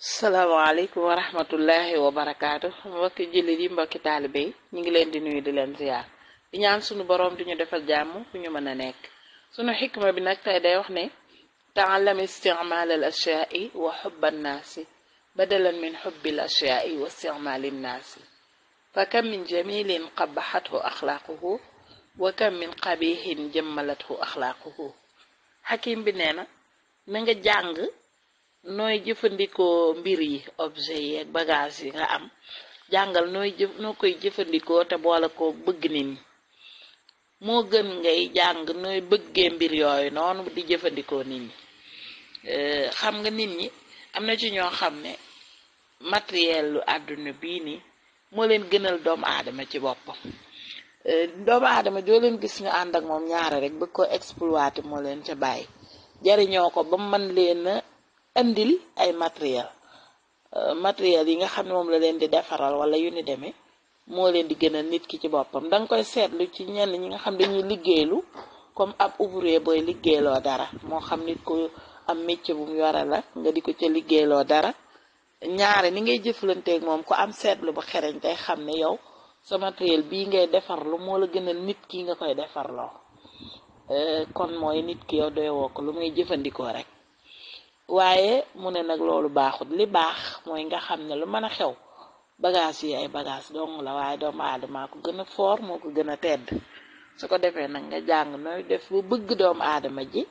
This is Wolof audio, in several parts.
salaamaaleykum wa rahmatullahi wa barakaatu mbokki jullit yi mbokki taalibe yi ñu ngi leen di nuyu di leen ziyaar di ñaan suñu boroom di ñu defal jàmm fu ñu mën a nekk sunu xikma bi nag tey day wax ne taallam isticmaal al ashyai wa xubba nnaasi badalan min xubbi l ashyai wa isticmaali nnaasi fa kam min jamilin qabaxathu axlaaquhu wa kam min qabihin jëmmalathu axlaaquhu xakim bi nee na na jàng nooy jëfandikoo mbir yi objet yi ak bagage yi nga am jàngal nooy jëf noo koy jëfandikoo te boole ko bëgg nit ñi moo gën ngay jàng nooy bëggee mbir yooyu noonu di jëfandikoo nit ñi euh, xam nga nit ñi am na ci ñoo xam ne matériel àdduna bii nii moo leen gënal doomu aadama ci boppam euh, doomu aadama joo leen gis ñu ànd ak moom ñaara rek bëgg ko exploité moo leen ca bàyyi jariñoo ko ba mën leen andil ay matériel euh, matériel yi nga xam ne moom la leen di defaral wala yu ni demee moo leen di gënal nit ki ci boppam da nga koy seetlu ci ñenn ñi nga xam dañuy liggéeylu comme ab ouvrier booy liggéeyloo dara moo xam nit ku am métier bu mu yore la nga di ko ca liggéeyloo dara ñaare ni ngay jëflanteek moom ku am seetlu bu xereñ day xam ne yow sa matériel bii ngay defarlu moo la gënal nit kii nga koy defarloo euh, kon mooy nit ki yow doy woo ko lu muy jëfandikoo rek waaye mu ne nag loolu baaxut li baax mooy nga xam ne lu mën a xew bagage yi ay bagage dong la waaye doomu aadama ko gën a foor moo ko gën a tedd su ko defee nag nga jàng nooy def bu bëgg doomu aadama ji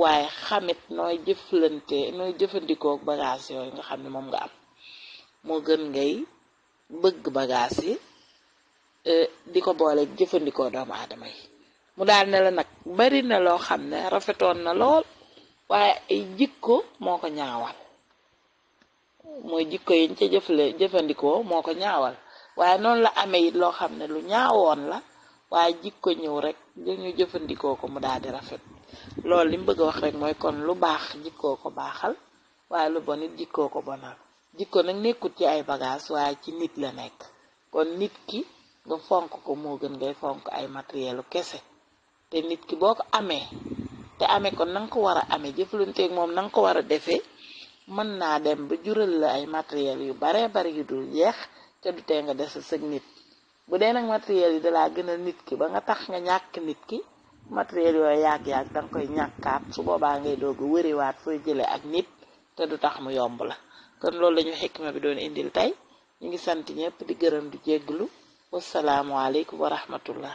waaye xamit nooy jëflante nooy jëfandikoo bagage yooyu nga xam ne moom nga am moo gën ngay bëgg bagaas yi e, di ko boole jëfandikoo doomu aadama yi mu daal ne la nag bari na loo xam ne rafetoon na lool waaye ay jikko moo ko ñaawal mooy jikko yiñ ca jëfle jëfandikoo moo ko ñaawal waaye noonu la amee it loo xam ne lu ñaawoon la waaye jikko ñëw rek ngir jëfandikoo ko mu daal di rafet loolu li bëgg a wax rek mooy kon lu baax jikkoo ko baaxal waaye lu bon it jikkoo ko bonal jikko nag nekkut ci ay bagage waaye ci nit la nekk kon nit ki nga fonk ko moo gën ngay fonk ay matérielu kese te nit ki boo ko amee te amee kon na nga ko war a amee jëflanteeg moom nanga ko war a defee mën naa dem ba jural la ay matériel yu baree bari yu dul jeex te du tee nga des sëg nit bu dee nag matériel yi dalaa gënal nit ki ba nga tax nga ñàkk nit ki matériel yooyu yàgg-yàgg da nga koy ñàkkaat su boobaa ngay doog a wëriwaat fooy jëlee ak nit te du tax mu yomb la kon loolu la ñu xikma bi doon indil tey ñu ngi sant ñëpp di gërëm di jégglu wasalaamualeykum wa rahmatullah